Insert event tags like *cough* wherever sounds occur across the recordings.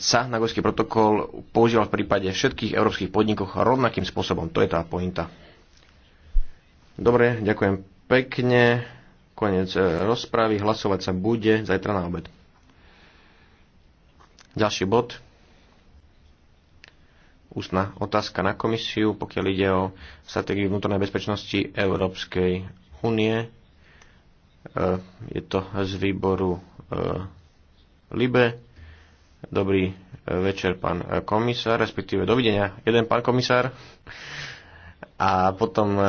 sa Nagojský protokol používal v prípade všetkých európskych podnikov rovnakým spôsobom. To je tá pointa. Dobre, ďakujem pekne. Konec e, rozpravy. Hlasovať sa bude zajtra na obed. Ďalší bod. Ústna otázka na komisiu, pokiaľ ide o stratégiu vnútornej bezpečnosti Európskej únie. E, je to z výboru e, LIBE Dobrý e, večer, pán e, komisár, respektíve dovidenia, jeden pán komisár. A potom e,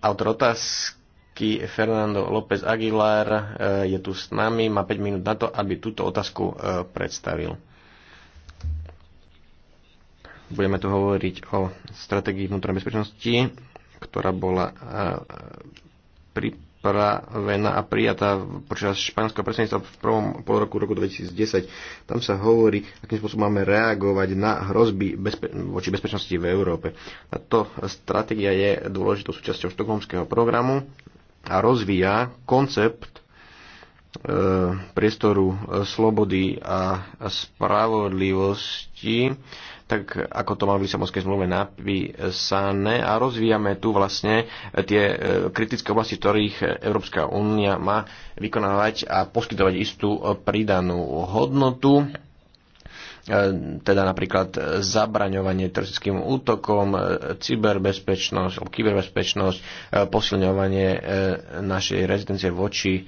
autor otázky, Fernando López Aguilar, je tu s nami, má 5 minút na to, aby túto otázku predstavil. Budeme tu hovoriť o strategii vnútornej bezpečnosti, ktorá bola pri pripravená a prijatá počas španielského predsedníctva v prvom pol roku 2010. Tam sa hovorí, akým spôsobom máme reagovať na hrozby bezpe- voči bezpečnosti v Európe. Táto stratégia je dôležitou súčasťou štokholmského programu a rozvíja koncept e, priestoru e, slobody a spravodlivosti tak ako to má v Lisabonskej zmluve napísané a rozvíjame tu vlastne eh, tie eh, kritické oblasti, ktorých eh, Európska únia má vykonávať a poskytovať istú pridanú hodnotu teda napríklad zabraňovanie teroristickým útokom, cyberbezpečnosť, kyberbezpečnosť, posilňovanie našej rezidencie voči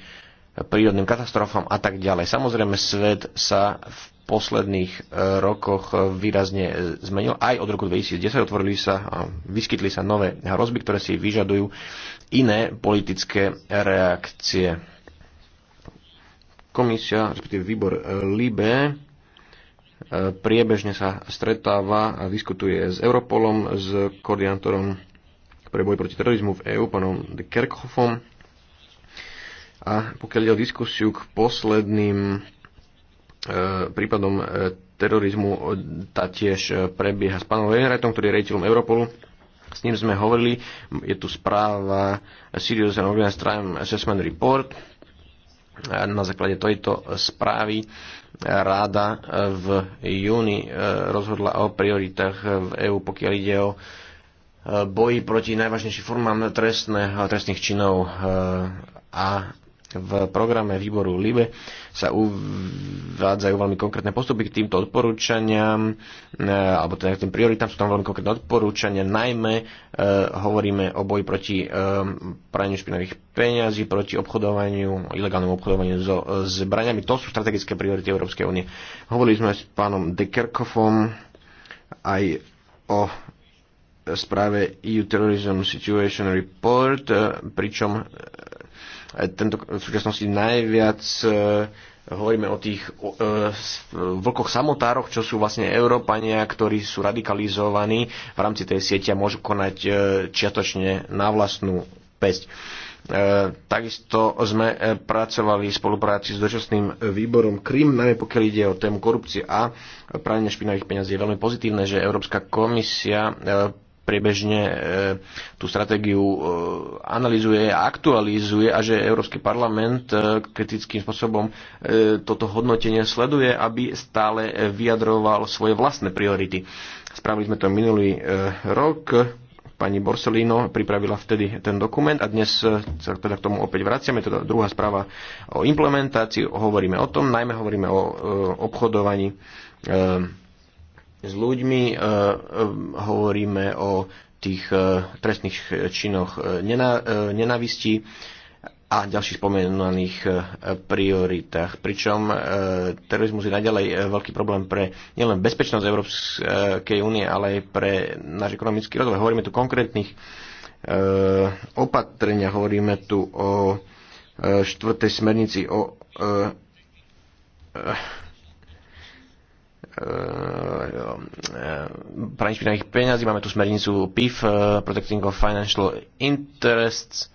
prírodným katastrofám a tak ďalej. Samozrejme, svet sa v posledných e, rokoch e, výrazne e, zmenil. Aj od roku 2010 otvorili sa a vyskytli sa nové hrozby, ktoré si vyžadujú iné politické reakcie. Komisia, respektíve výbor LIBE, priebežne sa stretáva a diskutuje s Europolom, s koordinátorom pre boj proti terorizmu v EÚ, pánom de Kerkhoffom. A pokiaľ ide o diskusiu k posledným E, prípadom e, terorizmu e, tá tiež prebieha s pánom Lenaretom, ktorý je rejiteľom Europolu. S ním sme hovorili, je tu správa Serious and Organized Crime Assessment Report. Na základe tejto správy ráda v júni rozhodla o prioritách v EÚ, pokiaľ ide o boji proti najvážnejším formám trestných činov a v programe výboru LIBE sa uvádzajú veľmi konkrétne postupy k týmto odporúčaniam, e, alebo teda k tým prioritám sú tam veľmi konkrétne odporúčania, najmä e, hovoríme o boji proti e, praniu špinavých peňazí, proti obchodovaniu, ilegálnemu obchodovaniu so e, zbraniami. To sú strategické priority Európskej únie. Hovorili sme s pánom De Kerkovom aj o správe EU Terrorism Situation Report, e, pričom E, tento, v súčasnosti najviac e, hovoríme o tých e, vlkoch samotároch, čo sú vlastne Európania, ktorí sú radikalizovaní v rámci tej siete a môžu konať e, čiatočne na vlastnú pesť. E, takisto sme e, pracovali v spolupráci s dočasným výborom Krym, najmä pokiaľ ide o tému korupcie a pranie špinavých peňazí. Je veľmi pozitívne, že Európska komisia e, priebežne e, tú stratégiu e, analizuje a aktualizuje a že Európsky parlament e, kritickým spôsobom e, toto hodnotenie sleduje, aby stále vyjadroval svoje vlastné priority. Spravili sme to minulý e, rok. Pani Borsellino pripravila vtedy ten dokument a dnes e, sa teda k tomu opäť vraciame. Teda druhá správa o implementácii. Hovoríme o tom, najmä hovoríme o e, obchodovaní e, s ľuďmi, e, e, hovoríme o tých e, trestných činoch nenávisti a ďalších spomenaných prioritách. Pričom terorizmus je naďalej veľký problém pre nielen bezpečnosť Európskej únie, ale aj pre náš ekonomický rozvoj. Hovoríme tu konkrétnych opatrenia, hovoríme tu o štvrtej smernici o E, e, praní špinavých peňazí, máme tu smernicu PIF, e, Protecting of Financial Interests,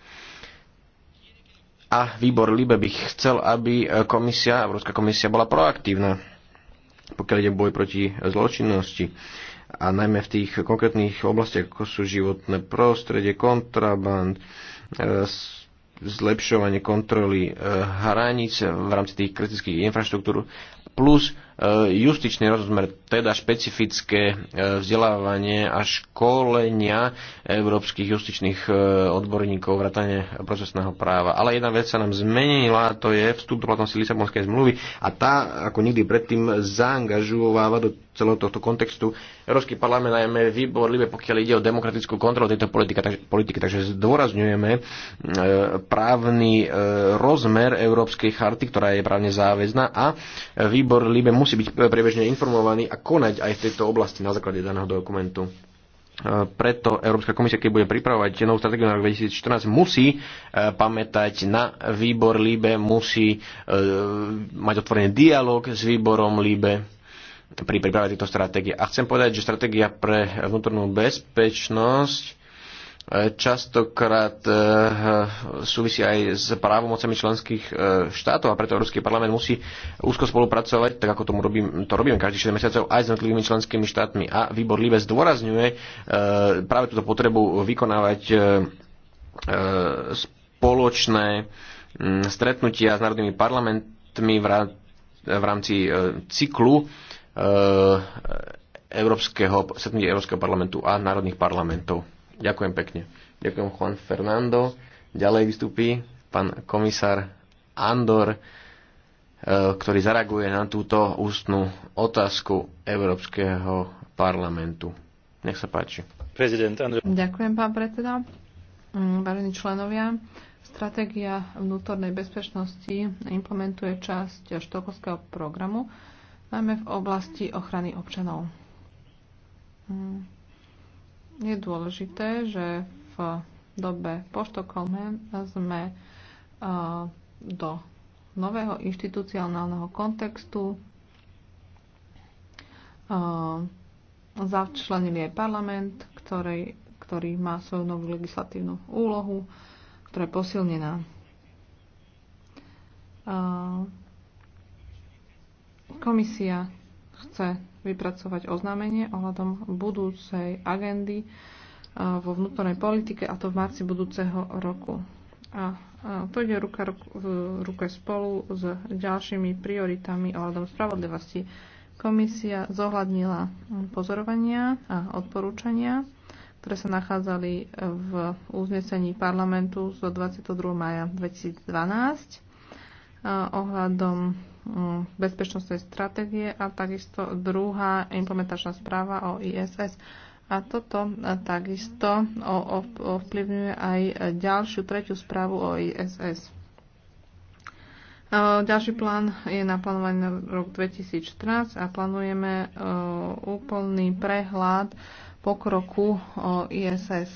a výbor LIBE by chcel, aby komisia, Európska komisia bola proaktívna, pokiaľ ide boj proti zločinnosti a najmä v tých konkrétnych oblastiach, ako sú životné prostredie, kontraband, zlepšovanie kontroly hraníc v rámci tých kritických infraštruktúr, plus E, justičný rozmer, teda špecifické e, vzdelávanie a školenia európskych justičných e, odborníkov vrátane procesného práva. Ale jedna vec sa nám zmenila, to je vstup do platnosti Lisabonskej zmluvy a tá, ako nikdy predtým, zaangažováva do celého tohto kontextu Európsky parlament, najmä výbor Libe, pokiaľ ide o demokratickú kontrolu tejto politiky, takže, politiky, takže zdôrazňujeme právny rozmer Európskej charty, ktorá je právne záväzná a výbor Libe musí musí byť priebežne informovaný a konať aj v tejto oblasti na základe daného dokumentu e, preto Európska komisia, keď bude pripravovať novú stratégiu na rok 2014, musí e, pamätať na výbor LIBE, musí e, mať otvorený dialog s výborom LIBE pri príprave tejto stratégie. A chcem povedať, že stratégia pre vnútornú bezpečnosť E, častokrát e, súvisí aj s právomocami členských e, štátov a preto Európsky parlament musí úzko spolupracovať, tak ako tomu robím, to robíme každý 6 mesiacov, aj s jednotlivými členskými štátmi. A výbor Libes zdôrazňuje práve túto potrebu vykonávať spoločné stretnutia s národnými parlamentmi v rámci cyklu Európskeho, Európskeho parlamentu a národných parlamentov. Ďakujem pekne. Ďakujem Juan Fernando. Ďalej vystupí pán komisár Andor, eh, ktorý zareaguje na túto ústnu otázku Európskeho parlamentu. Nech sa páči. Ďakujem, pán predseda. Mm, vážení členovia, stratégia vnútornej bezpečnosti implementuje časť štokovského programu, najmä v oblasti ochrany občanov. Mm je dôležité, že v dobe po sme do nového inštitucionálneho kontextu začlenili aj parlament, ktorý, ktorý má svoju novú legislatívnu úlohu, ktorá je posilnená. Komisia chce vypracovať oznámenie ohľadom budúcej agendy e, vo vnútornej politike a to v marci budúceho roku. A to ide ruka, ruke spolu s ďalšími prioritami ohľadom spravodlivosti. Komisia zohľadnila pozorovania a odporúčania, ktoré sa nachádzali v uznesení parlamentu z 22. maja 2012 ohľadom bezpečnostnej stratégie a takisto druhá implementačná správa o ISS. A toto takisto ovplyvňuje aj ďalšiu, tretiu správu o ISS. Ďalší plán je naplánovaný na rok 2014 a plánujeme úplný prehľad pokroku o ISS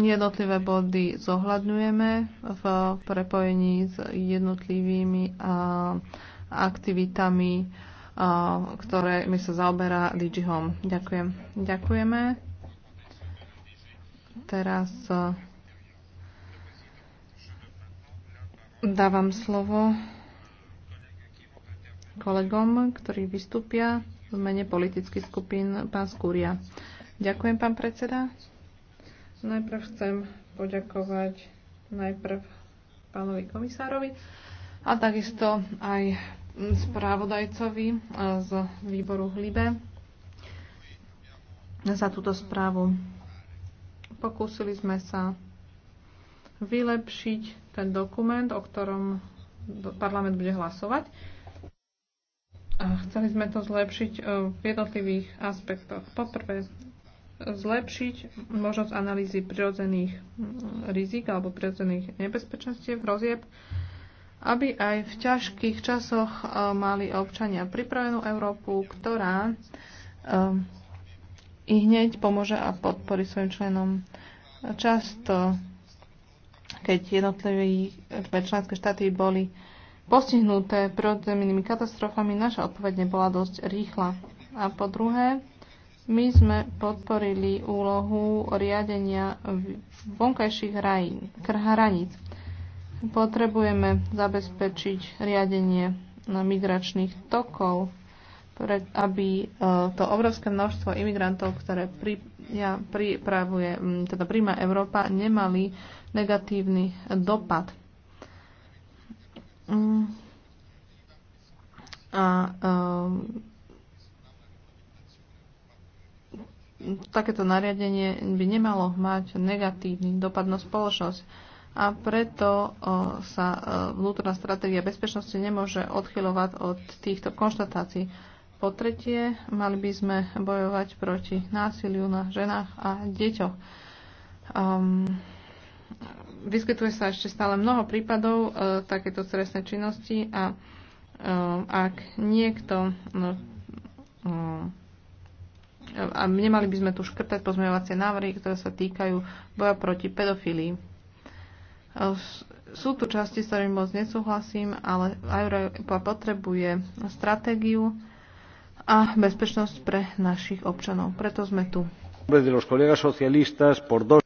jednotlivé body zohľadňujeme v prepojení s jednotlivými aktivitami, ktoré mi sa zaoberá DigiHome. Ďakujem. Ďakujeme. Teraz dávam slovo kolegom, ktorí vystúpia v mene politických skupín. Pán Skúria. Ďakujem, pán predseda. Najprv chcem poďakovať najprv pánovi komisárovi a takisto aj správodajcovi e, z výboru Hlibe za túto správu. Pokúsili sme sa vylepšiť ten dokument, o ktorom parlament bude hlasovať. chceli sme to zlepšiť e, v jednotlivých aspektoch. Poprvé, zlepšiť možnosť analýzy prirodzených mm, rizik alebo prirodzených nebezpečenstiev, hrozieb, aby aj v ťažkých časoch eh, mali občania pripravenú Európu, ktorá eh, i hneď pomôže a podporí svojim členom. Často, keď jednotlivé členské štáty boli postihnuté prirodzenými katastrofami, naša odpoveď nebola dosť rýchla. A po druhé, my sme podporili úlohu riadenia vonkajších hraníc. Potrebujeme zabezpečiť riadenie migračných tokov, pre, aby e, to obrovské množstvo imigrantov, ktoré pri, ja, pripravuje, teda príjma Európa, nemali negatívny dopad. Mm. A e, takéto nariadenie by nemalo mať negatívny dopad na spoločnosť a preto sa vnútorná stratégia bezpečnosti nemôže odchylovať od týchto konštatácií. Po tretie, mali by sme bojovať proti násiliu na ženách a deťoch. Um, vyskytuje sa ešte stále mnoho prípadov e, takéto stresné činnosti a e, ak niekto no, e, a nemali by sme tu škrtať pozmeňovacie návrhy, ktoré sa týkajú boja proti pedofílii. Sú tu časti, s ktorými moc nesúhlasím, ale Európa potrebuje stratégiu a bezpečnosť pre našich občanov. Preto sme tu.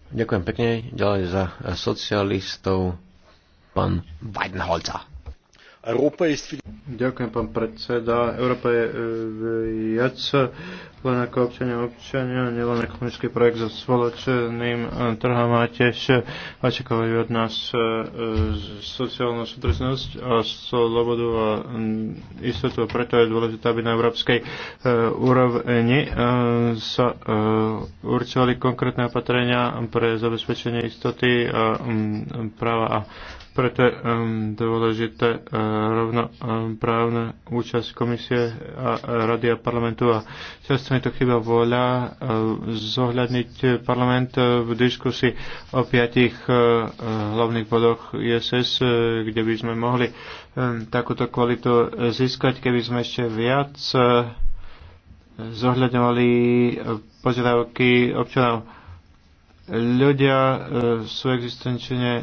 Ďakujem pekne. Ďalej za socialistov pán Weidenholzer. Ďakujem, pán predseda. Európa je e, viac len ako občania občania, nielen ekonomický projekt so spoločným e, trhom a tiež očakávajú od nás e, sociálnu súdržnosť a slobodu a mm, istotu. Preto je dôležité, aby na európskej úrovni sa určovali konkrétne opatrenia pre zabezpečenie istoty a mm, práva a preto je ehm, dôležité eh, rovnoprávna ehm, účasť komisie a rady a parlamentu a často mi to chyba voľa eh, zohľadniť parlament eh, v diskusii o piatich hlavných bodoch ISS, kde by sme mohli ehm, takúto kvalitu získať, keby sme ešte viac zohľadňovali požiadavky občanov ľudia e, sú existenčne e,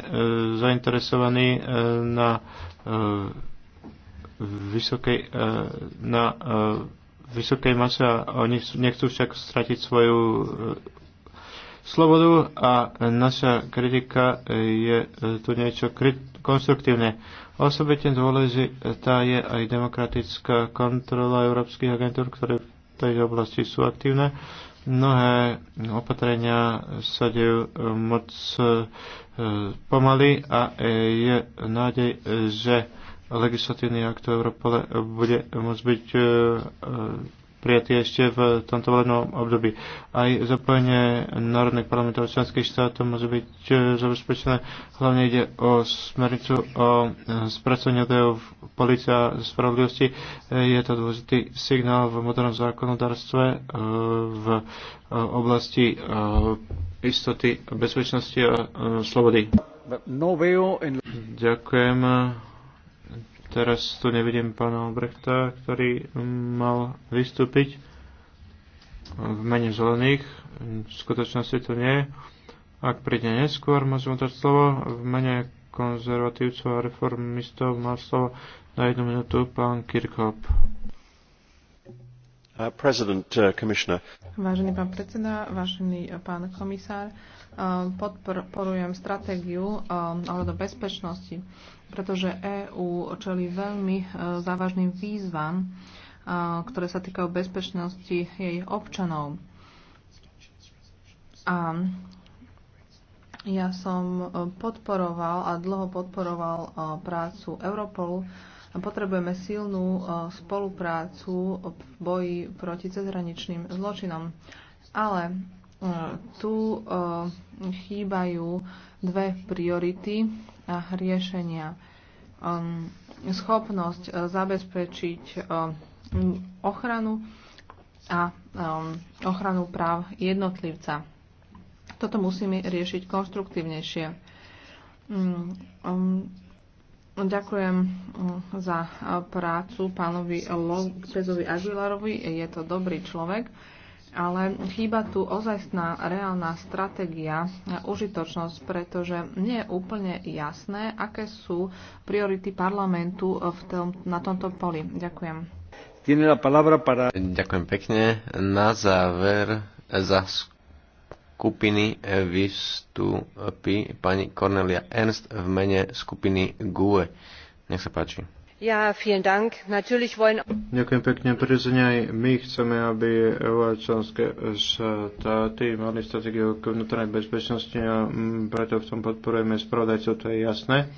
zainteresovaní e, na vysokej, na vysokej mase a oni nechcú však stratiť svoju slobodu a naša kritika je tu niečo konstruktívne. Osobitne dôležitá je aj demokratická kontrola európskych agentúr, ktoré tej oblasti sú aktívne. Mnohé opatrenia sa dejú e, moc e, pomaly a e, je nádej, že legislatívny akt v Európole bude môcť byť prijatý ešte v tomto volebnom období. Aj zapojenie národných parlamentov členských štátov môže byť e, zabezpečené. Hlavne ide o smernicu o e, spracovaní údajov a spravodlivosti. E, je to dôležitý signál v modernom zákonodárstve v oblasti istoty, bezpečnosti a slobody. No Ďakujem Teraz tu nevidím pána Albrechta, ktorý mal vystúpiť v mene zelených. V skutočnosti to nie. Ak príde neskôr, môžem dať slovo. V mene konzervatívcov a reformistov má slovo na jednu minútu pán Kirchhoff. Uh, uh, vážený pán predseda, vážený uh, pán komisár, podporujem stratégiu ohľadom um, bezpečnosti, pretože EÚ čelí veľmi závažným výzvam, ktoré sa týkajú bezpečnosti jej občanov. A ja som podporoval a dlho podporoval prácu Europolu, Potrebujeme silnú e, spoluprácu v boji proti cezhraničným zločinom. Ale e, tu e, chýbajú dve priority a riešenia. Ehm, schopnosť zabezpečiť ochranu a ehm, ochranu práv jednotlivca. Toto musíme riešiť konštruktívnejšie mm, ehm, Ďakujem mm, za e, prácu pánovi Lopezovi Aguilarovi. Je to dobrý človek, ale chýba tu ozajstná reálna stratégia a užitočnosť, pretože nie je úplne jasné, aké sú priority parlamentu v tom, na tomto poli. Ďakujem. Ďakujem pekne. Na záver za skupiny e, vystúpi pani Cornelia Ernst v mene skupiny GUE. Nech sa páči. Ja, wollen... Ďakujem pekne, prirodzene aj my chceme, aby EU členské štáty mali stratégiu k vnútornej bezpečnosti a mm, preto v tom podporujeme spravodajcov, to je jasné.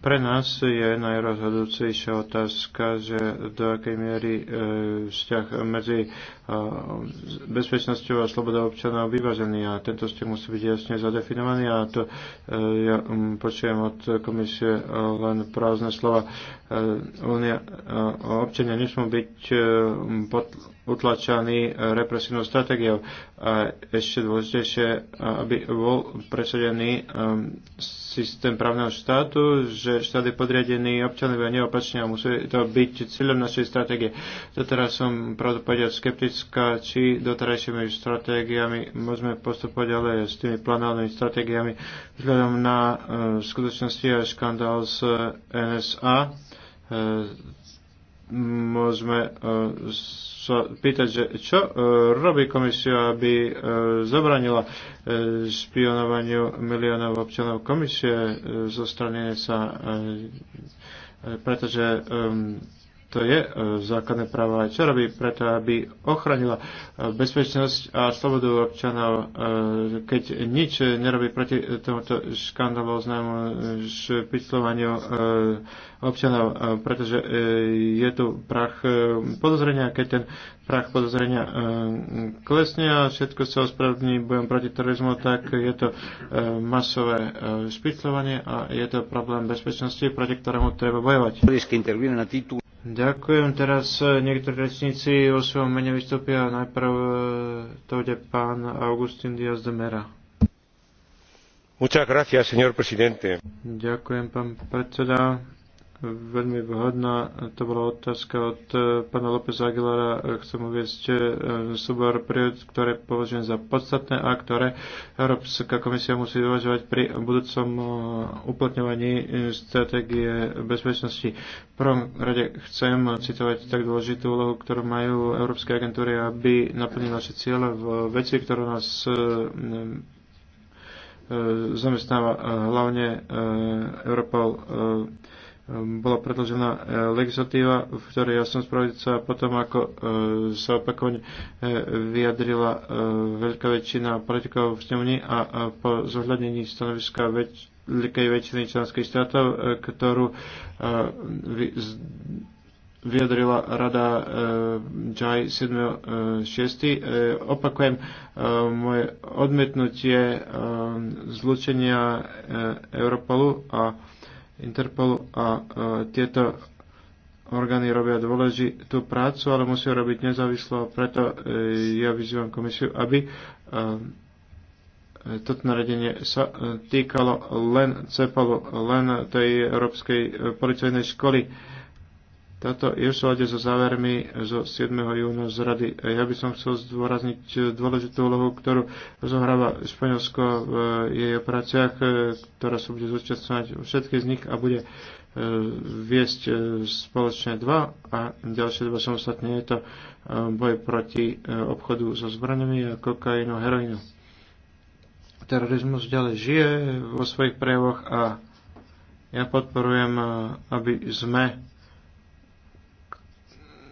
Pre nás je najrozhodujúcejšia otázka, že do akej miery e, vzťah medzi e, bezpečnosťou a slobodou občanov vyvážený a tento vzťah musí byť jasne zadefinovaný a to e, ja mm, počujem od komisie len prázdne slova únia a eh, občania nesmú byť eh, utlačaní eh, represívnou stratégiou. A ešte dôležitejšie, aby bol presadený systém právneho štátu, že štát je podriadený občanovi a neopačne a musí to byť cieľom našej stratégie. Doteraz som pravdu povedať skeptická, či doterajšími stratégiami môžeme postupovať ďalej s tými plánovanými stratégiami vzhľadom na skutočnosti a škandál z NSA môžeme e, sa pýtať, že čo e, robí komisia, aby e, zabranila špionovaniu miliónov občanov komisie zo strany sa, pretože to je e, základné právo aj čo robí preto, aby ochránila e, bezpečnosť a slobodu občanov, e, keď nič nerobí proti tomuto škandaloznému špiclovaniu občanov, pretože je tu prach podozrenia, keď ten prach podozrenia klesne a všetko sa ospravedlní bojom proti terorizmu, tak je to masové špiclovanie a je to problém bezpečnosti, proti ktorému treba bojovať. Ďakujem. Teraz e, niektorí rečníci o svojom mene vystúpia. Najprv e, to bude pán Augustín Díaz de Mera. Muchas gracias, señor presidente. Ďakujem, pán predseda veľmi vhodná. To bola otázka od eh, pána López Aguilara. Eh, chcem uviezť eh, súbor priorít, ktoré považujem za podstatné a ktoré Európska komisia musí uvažovať pri budúcom uplatňovaní stratégie bezpečnosti. V prvom rade chcem citovať tak dôležitú úlohu, ktorú majú Európske agentúry, aby naplnili naše cieľe v veci, ktorú nás zamestnáva hlavne Európa. Ehm, bola predložená e, legislatíva, v ktorej ja som potom, ako e, sa opakovane e, vyjadrila veľká väčšina politikov v snemni a po zohľadnení stanoviska väč- veľkej väčšiny členských štátov, ktorú vyjadrila rada JAI 7.6. Opakujem moje odmietnutie zlučenia Europolu a Interpol a e, tieto orgány robia dôležitú prácu, ale musia robiť nezávislo. Preto e, ja vyzývam komisiu, aby e, toto naredenie sa týkalo len CEPALu, len tej Európskej policajnej školy táto je v súlade so závermi zo 7. júna z Rady. Ja by som chcel zdôrazniť dôležitú úlohu, ktorú zohráva Španielsko v jej operáciách, ktorá sa bude zúčastňovať všetky z nich a bude e, viesť e, spoločne dva a ďalšie dva samostatne je to e, boj proti obchodu so zbraniami a kokainou, heroinu. Terorizmus ďalej žije vo svojich prejavoch a ja podporujem, aby sme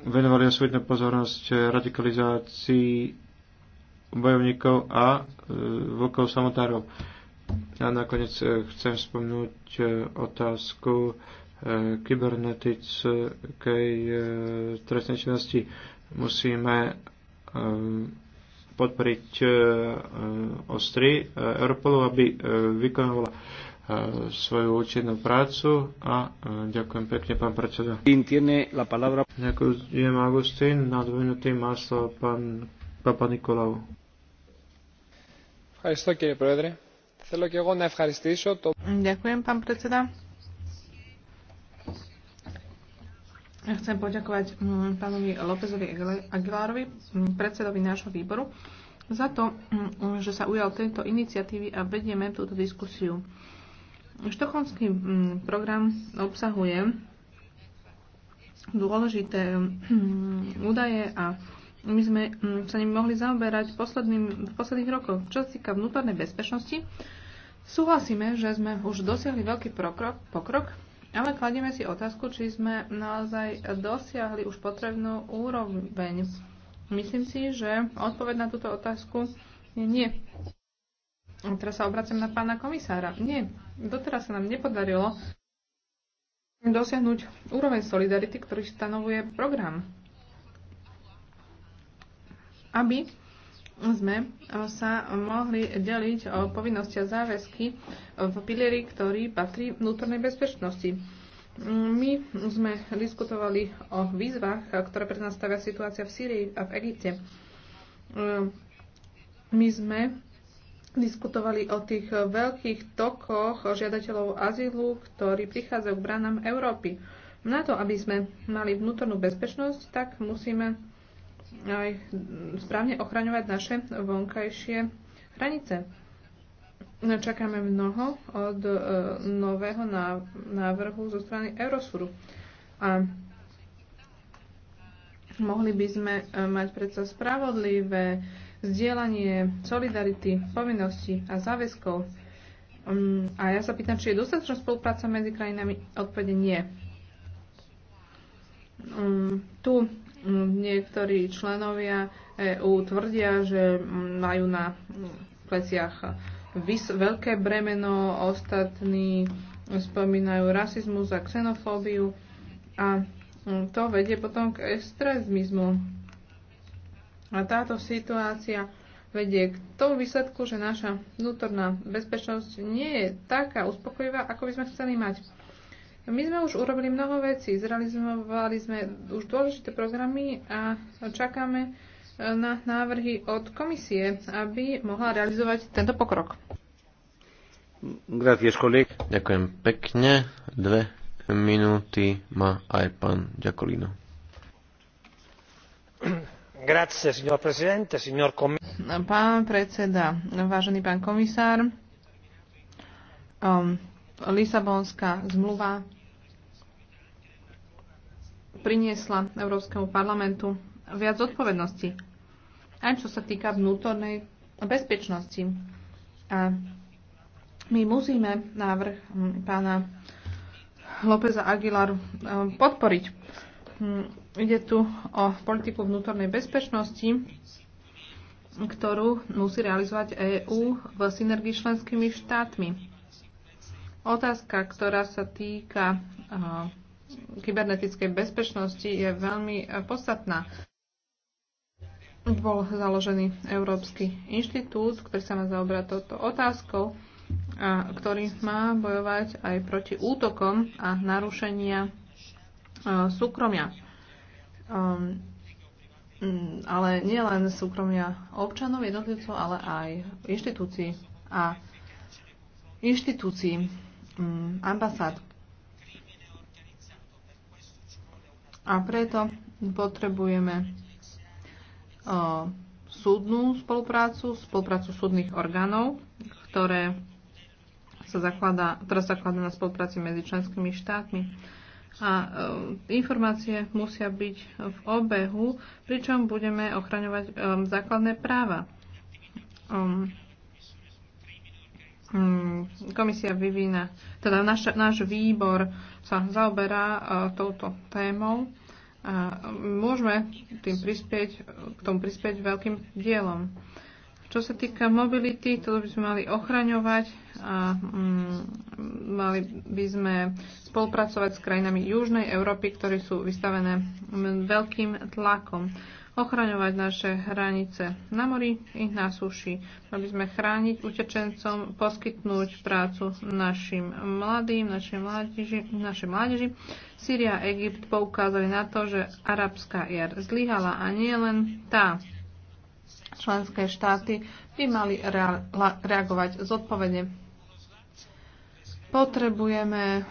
venovali osobitnú pozornosť radikalizácii bojovníkov a e, vlkov samotárov. A nakoniec e, chcem spomnúť e, otázku kybernetickej trestnej činnosti. Musíme podporiť ostry Europolu, aby vykonovala E, svoju účinnú prácu a e, ďakujem pekne, pán predseda. Ďakujem, Agustín. Na dve minúty má slovo pán Papa Nikolau. Ďakujem, pán predseda. Ja chcem poďakovať mm, pánovi Lópezovi Aguilárovi, mm, predsedovi nášho výboru, za to, mm, že sa ujal tejto iniciatívy a vedieme túto diskusiu. Štokholmský mm, program obsahuje dôležité mm, údaje a my sme mm, sa nimi mohli zaoberať v, posledných rokoch. Čo sa týka vnútornej bezpečnosti, súhlasíme, že sme už dosiahli veľký pokrok, pokrok ale kladieme si otázku, či sme naozaj dosiahli už potrebnú úroveň. Myslím si, že odpoveď na túto otázku je nie. A teraz sa obracem na pána komisára. Nie, doteraz sa nám nepodarilo dosiahnuť úroveň solidarity, ktorý stanovuje program. Aby sme sa mohli deliť o povinnosti a záväzky v pilieri, ktorý patrí vnútornej bezpečnosti. My sme diskutovali o výzvach, ktoré pred nás stavia situácia v Sýrii a v Egypte. My sme diskutovali o tých veľkých tokoch žiadateľov azylu, ktorí prichádzajú k branám Európy. Na to, aby sme mali vnútornú bezpečnosť, tak musíme aj správne ochraňovať naše vonkajšie hranice. Čakáme mnoho od e, nového návrhu zo strany Eurosuru. A mohli by sme e, mať predsa spravodlivé zdieľanie solidarity, povinnosti a záväzkov. Um, a ja sa pýtam, či je dostatočná spolupráca medzi krajinami? Odpovede nie. Um, tu um, niektorí členovia EÚ tvrdia, že um, majú na um, pleciach vys- veľké bremeno, ostatní spomínajú rasizmus a xenofóbiu a um, to vedie potom k extrémizmu a táto situácia vedie k tomu výsledku, že naša vnútorná bezpečnosť nie je taká uspokojivá, ako by sme chceli mať. My sme už urobili mnoho vecí, zrealizovali sme už dôležité programy a čakáme e, na návrhy od komisie, aby mohla realizovať tento pokrok. Ďakujem pekne. Dve minúty má aj pán Ďakolino. *clears throat* Pán predseda, vážený pán komisár, um, Lisabonská zmluva priniesla Európskemu parlamentu viac zodpovednosti, aj čo sa týka vnútornej bezpečnosti. A my musíme návrh um, pána Lópeza Aguilar um, podporiť. Mm, ide tu o politiku vnútornej bezpečnosti, ktorú musí realizovať EÚ v synergii s členskými štátmi. Otázka, ktorá sa týka kybernetickej bezpečnosti, je veľmi podstatná. Bol založený Európsky inštitút, ktorý sa má zaobrať touto otázkou, a ktorý má bojovať aj proti útokom a narušenia E, súkromia. Ehm, mm, ale nie len súkromia občanov, jednotlivcov, ale aj inštitúcií a inštitúcií, mm, ambasád. A preto potrebujeme e, súdnu spoluprácu, spoluprácu súdnych orgánov, ktoré sa zaklada, ktorá sa zakladá na spolupráci medzi členskými štátmi a e, informácie musia byť v obehu, pričom budeme ochraňovať e, základné práva. Um, mm, komisia vyvína, teda náš, náš výbor sa zaoberá e, touto témou a môžeme tým prispieť, k tomu prispieť veľkým dielom. Čo sa týka mobility, to by sme mali ochraňovať a mm, mali by sme spolupracovať s krajinami Južnej Európy, ktoré sú vystavené veľkým tlakom. Ochraňovať naše hranice na mori i na suši. Mali by sme chrániť utečencom, poskytnúť prácu našim mladým, našej mládeži. Našej mládeži. Syria a Egypt poukázali na to, že arabská jar zlyhala a nie len tá členské štáty by mali reagovať zodpovedne. Potrebujeme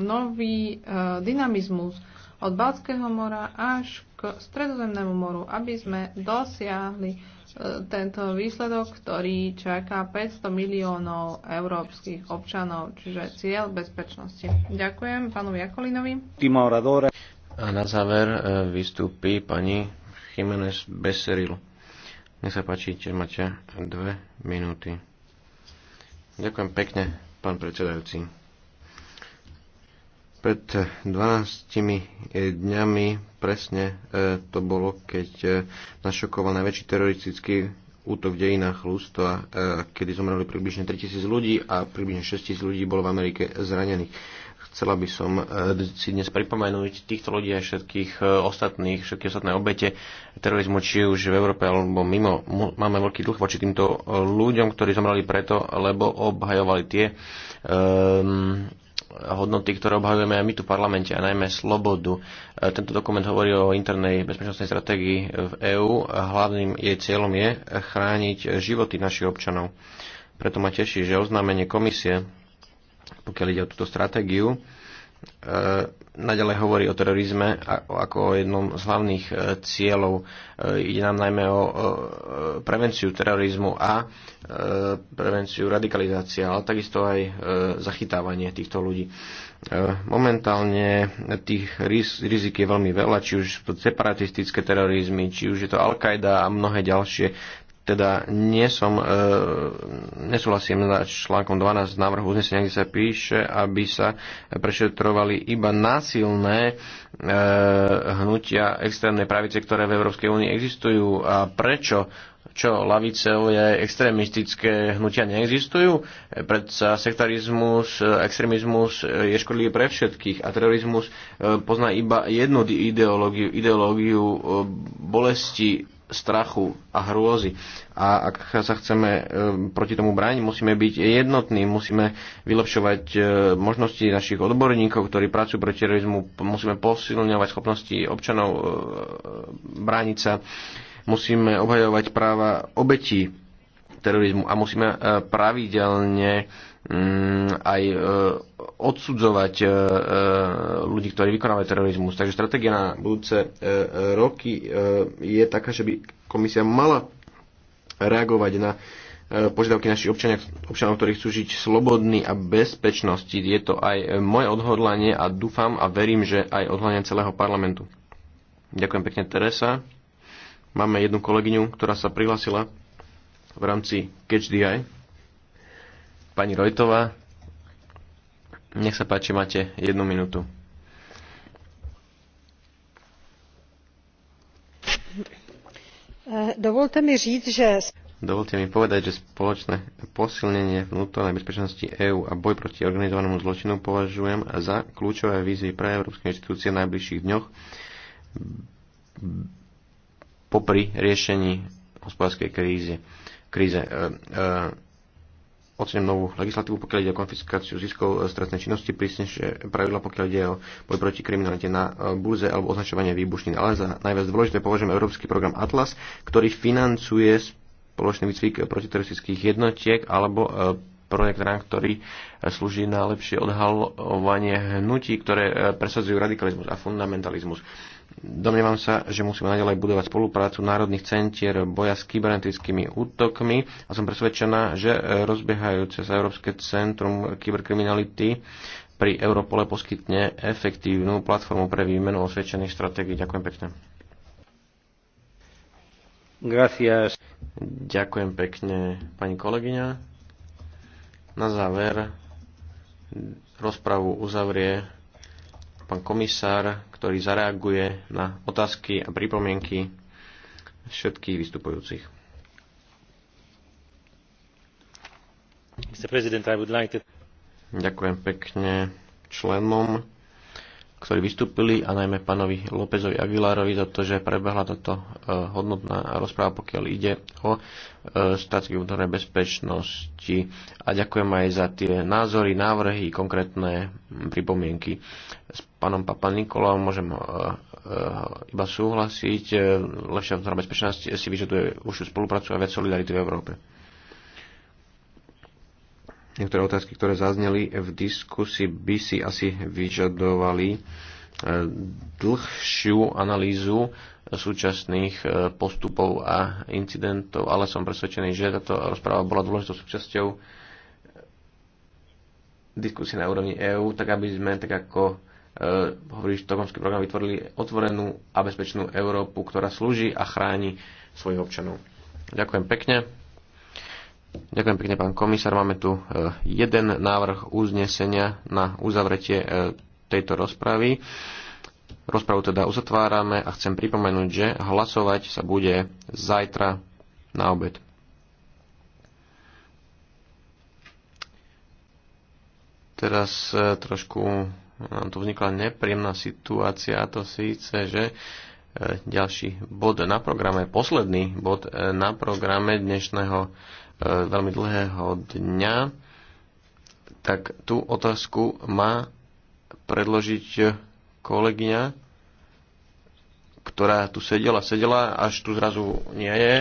nový e, dynamizmus od Balckého mora až k Stredozemnému moru, aby sme dosiahli e, tento výsledok, ktorý čaká 500 miliónov európskych občanov, čiže cieľ bezpečnosti. Ďakujem pánu Jakolinovi. A na záver e, vystúpi pani Jiménez Beseril. Nech sa páči, máte dve minúty. Ďakujem pekne, pán predsedajúci. Pred 12 eh, dňami presne eh, to bolo, keď eh, našokoval najväčší teroristický útok v dejinách ľudstva, kedy zomreli približne 3000 ľudí a približne 6000 ľudí bolo v Amerike zranených. Chcela by som e, si dnes pripomenúť týchto ľudí a všetkých e, ostatných, všetky ostatné obete terorizmu, či už v Európe alebo mimo. Máme veľký dlh voči týmto e, ľuďom, ktorí zomrali preto, lebo obhajovali tie um, hodnoty, ktoré obhajujeme aj my tu v parlamente, a najmä slobodu. Tento dokument hovorí o internej bezpečnostnej stratégii v EÚ. Hlavným jej cieľom je chrániť životy našich občanov. Preto ma teší, že oznámenie komisie pokiaľ ide o túto stratégiu. E, naďalej hovorí o terorizme ako o jednom z hlavných e, cieľov. E, ide nám najmä o prevenciu terorizmu a prevenciu radikalizácie, ale takisto aj zachytávanie týchto ľudí. Momentálne tých riz, rizik je veľmi veľa, či už sú separatistické terorizmy, či už je to Al-Qaida a mnohé ďalšie teda nie som, e, nesúhlasím s článkom 12 návrhu uznesenia, kde sa píše, aby sa prešetrovali iba násilné e, hnutia extrémnej pravice, ktoré v Európskej únii existujú. A prečo? Čo, lavicové, extrémistické hnutia neexistujú? Predsa sektarizmus, e, extrémizmus e, je škodlivý pre všetkých a terorizmus e, pozná iba jednu ideológiu, ideológiu bolesti strachu a hrôzy. A ak sa chceme e, proti tomu brániť, musíme byť jednotní, musíme vylepšovať e, možnosti našich odborníkov, ktorí pracujú proti terorizmu, musíme posilňovať schopnosti občanov e, brániť sa, musíme obhajovať práva obetí terorizmu a musíme pravidelne Mm, aj e, odsudzovať e, e, ľudí, ktorí vykonávajú terorizmus. Takže stratégia na budúce roky je taká, že by komisia mala reagovať na požiadavky našich občania, občanov, ktorí chcú žiť slobodný a bezpečnosti. Je to aj moje odhodlanie a dúfam a verím, že aj odhodlanie celého parlamentu. Ďakujem pekne, Teresa. Máme jednu kolegyňu, ktorá sa prihlasila v rámci Catch the Eye. Pani Rojtová, nech sa páči, máte jednu minútu. Eh, dovolte mi říct, že... Dovolte mi povedať, že spoločné posilnenie vnútornej bezpečnosti EÚ a boj proti organizovanému zločinu považujem za kľúčové výzvy pre európske inštitúcie v najbližších dňoch popri riešení hospodárskej kríze. kríze. Eh, e, eh, e, ocením novú legislatívu, pokiaľ ide o konfiskáciu ziskov z e, trestnej činnosti, prísnejšie pravidla, pokiaľ ide o boj proti kriminalite na e, burze alebo označovanie výbušnín. Ale za najviac dôležité považujem európsky program Atlas, ktorý financuje spoločný výcvik protiteroristických jednotiek alebo e, projekt RAN, ktorý slúži na lepšie odhalovanie hnutí, ktoré presadzujú radikalizmus a fundamentalizmus. Domnievam sa, že musíme naďalej budovať spoluprácu národných centier boja s kybernetickými útokmi a som presvedčená, že e, rozbiehajúce sa Európske centrum kyberkriminality pri Europole poskytne efektívnu platformu pre výmenu osvedčených stratégií. Ďakujem pekne. Gracias. Ďakujem pekne, pani kolegyňa. Na záver rozpravu uzavrie pán komisár, ktorý zareaguje na otázky a pripomienky všetkých vystupujúcich. Ďakujem pekne členom ktorí vystúpili a najmä pánovi Lópezovi Aguilárovi za to, že prebehla táto e, hodnotná rozpráva, pokiaľ ide o štátskej e, vnútornej bezpečnosti. A ďakujem aj za tie názory, návrhy, konkrétne pripomienky. S pánom Papa Nikolom môžem e, iba súhlasiť. Lepšia vnútorná bezpečnosť si vyžaduje užšiu spoluprácu a viac solidarity v Európe. Niektoré otázky, ktoré zazneli v diskusii, by si asi vyžadovali e, dlhšiu analýzu súčasných e, postupov a incidentov, ale som presvedčený, že táto rozpráva bola dôležitou súčasťou e, diskusie na úrovni EÚ, tak aby sme, tak ako e, hovorí štokholmský program, vytvorili otvorenú a bezpečnú Európu, ktorá slúži a chráni svojich občanov. Ďakujem pekne. Ďakujem pekne, pán komisár. Máme tu eh, jeden návrh uznesenia na uzavretie eh, tejto rozpravy. Rozpravu teda uzatvárame a chcem pripomenúť, že hlasovať sa bude zajtra na obed. Teraz eh, trošku nám tu vznikla nepríjemná situácia a to síce, že ďalší bod na programe, posledný bod na programe dnešného E, veľmi dlhého dňa, tak tú otázku má predložiť kolegyňa, ktorá tu sedela, sedela, až tu zrazu nie je.